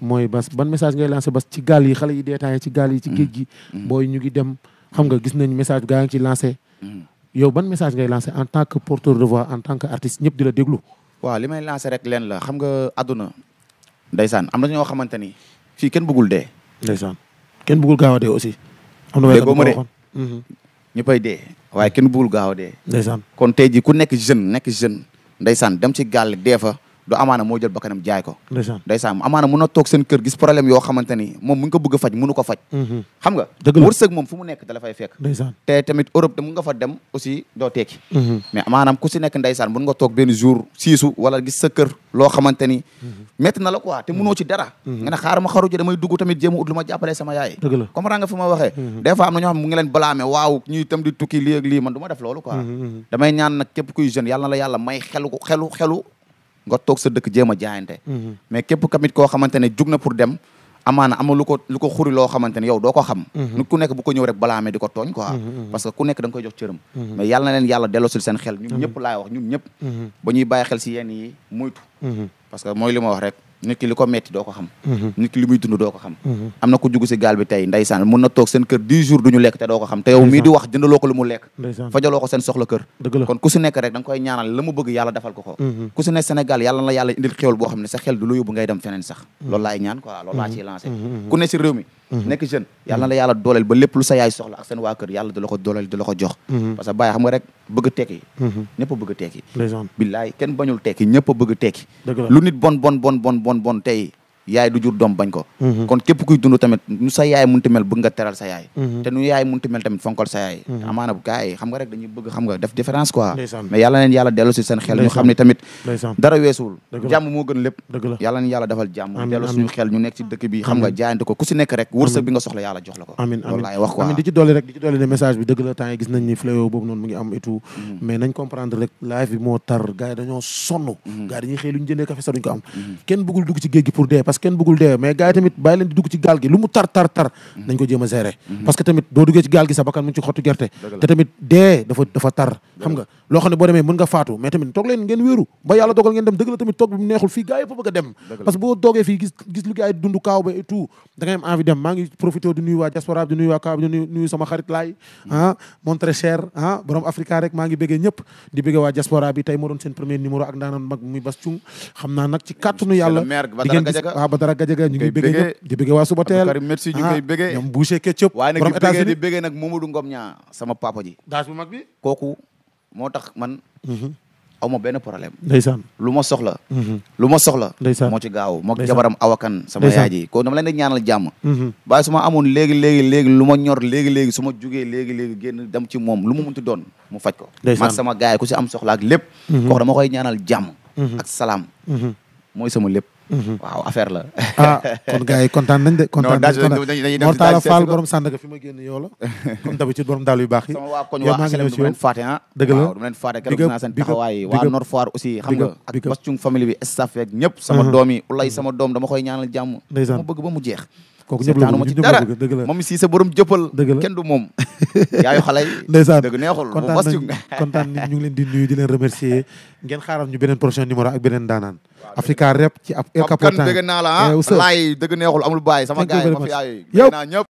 mooy bas ban message ngay lancé bas ci gaal yi xale yi deetaay ci gaal yi ci mm-hmm. géej gi mm-hmm. booy ñu ngi dem xam nga gis nañ message gaa ngi ci lancé mm-hmm. yow ban message ngay lancé en tant que porteur de voix en tant que artiste ñëpp di la déglu waaw li may lancé rek leen la xam nga àdduna ndeysaan am na ñoo xamante ni fii kenn bëggul dee ndeysaan kenn bëggul gaaw a dee aussi am na déggoo ma de ñëppay dee waaye kenn bëggul gaaw a dee ndeysaan kon tey ji ku nekk jeune nekk jeune ndeysaan dem ci gaal dee fa du amaana moo jël bakkanam jaay ko amaana mun na toog seen kër gis problème yoo xamante ni moom mu ngi ko bëgg a faj mënu ko faj mhm. xam nga la fay fekk te tamit Europe da mun nga fa dem aussi doo tekki mhm. mais amaanaam ku si nekk ndeysaan mun nga toog benn jour siisu wala gis sa loo xamante ni mhm. la quoi te mënoo ci dara nga ne xaaral ma xaru ji damay tamit jéem a ut lu ma jàppalee sama yaay comprendre nga fi ma waxee des am na ñoo mu ngi leen waaw ñuy tam nga toog sa dëkk a jaayante mhm. mais képp kamit koo xamante ne jug pour dem amaana ama lu ko lu ko xuri loo xam mhm. nit ku nekk ko ñëw rek balaamee di ko tooñ quoi mhm, parce que ku nekk koy jox cëram mais yàlla na leen yàlla delloosil seen xel ñun ñëpp laay wax ñun ñëpp ba ñuy bàyyi xel si yenn yi muytu parce que mooy li wax rek nit ki li ko xam mhm. nit ki li muy dund xam mhm. am ku jugu gaal bi tey ndeysaan mun na toog seen kër dix jours du ñu te doo xam te yow wax jëndaloo ko lu mu lekk fajaloo seen soxla kër kon ku si nekk rek da nga koy ñaanal la mu bëgg yàlla defal ko mhm. ku si nekk Sénégal yàlla na indil xéwal boo xam ne sa xel du lu yóbbu ngay dem feneen sax loolu ñaan ku ne si réew mi Mhm. nekk jeune yàlla na la yàlla dooleel ba lépp lu sa yaay soxla ak seen waa kër yàlla da la ko dooleel da la ko jox mhm. parce que xam nga rek bëgg a tekki mhm. ñëpp a a a a lu nit bon bon bon yaay du jur doom bañ ko kon képp kuy dund tamit nu sa yaay munti mel bëgg teral sa yaay nu yaay munti mel tamit fonkol sa yaay amaana bu gars xam nga rek dañuy bëgg xam nga différence quoi mais yàlla neen yàlla dellu seen xel ñu xam ne tamit dara weesuwul jàmm moo gën lépp yàlla na yàlla defal jàmm delloo nekk ci dëkk bi xam nga jaayante ko ku nekk rek wërsëg bi nga soxla yàlla jox la ko amiin di ci dolli ne message bi dëgg la temps yi gis nañ ni fléau boobu noonu mu ngi am et tout mm-hmm. mais nañ comprendre rek live bi moo tar gars dañoo sonn mm-hmm. gars yi dañuy xëy lu am mm-hmm. kenn bëggul dugg ci géej pour dee parce que kenn bëggul dee mais gars tamit bàyyi leen dugg ci gaal gi lu tar tar nañ ko jéem a gérer parce que tamit doo duggee ci gaal gi sa bakkan ci xottu gerte ba yàlla dogal ngeen dem dëgg tamit toog bi mu neexul fii gars yëpp bëgg dem parce que boo toogee fii gis gis lu kaaw ba et tout da am envie dem maa ngi profité di nuyu waa diaspora bi di nuyu waa kaaw bi di sama xarit laay hmm. ah mon ah, borom africa rek maa ngi béggee ñëpp di béggee waa diaspora bi tey moo doon seen premier numéro ak ndaanaan mag muy bas cung xam naa nag ci kàttanu yàlla di ngeen gis waa ñu ngi béggee ñëpp di béggee waa Subateel ah, ñoom boucher sama papa ji daas bu mag bi kooku moo tax man mhm. aw ma benn problème. ndeysaan lu ma soxla. Mhm. lu ma soxla. ndeysaan moo ci gaaw mook jabaram awakan sama yaay ji ko dama leen di ñaanal jàmm. Mhm. waaye su ma amoon léegi léegi léegi lu ma ñor léegi léegi su ma jugee léegi léegi génn dem ci moom lu mu munti doon mu faj ko. ndeysaan sama gaay ku si am soxla ak lépp. Mhm. kooku dama koy ñaanal jàmm. ak salaam. mooy sama lépp. Mhm. waaw affaire la. ah kon gars yi kontaan nañ de. kontaan nañ de kontaan Mor Talla Fall borom fi ma génn yoo la. comme d'habitude daal yu baax yi. yow waa ah. Nord Foire aussi xam nga ak Bastung famille bi staff yeeg ñëpp. sama mhm. mhm. mu jeex. kooku ñëpp la moom si sa borom jëppal kenn moom yaayu xale yi. ndeysaan dëgg neexul kontaan nañ ñu ngi leen di nuyu di remercier ngeen xaaral ñu beneen prochain numéro ak beneen daanaan. Africa Rap ci ab El Capotan. Pape Kane dëgg naa la ah. Eh, laay amul bàyyi sama gars yi ma fi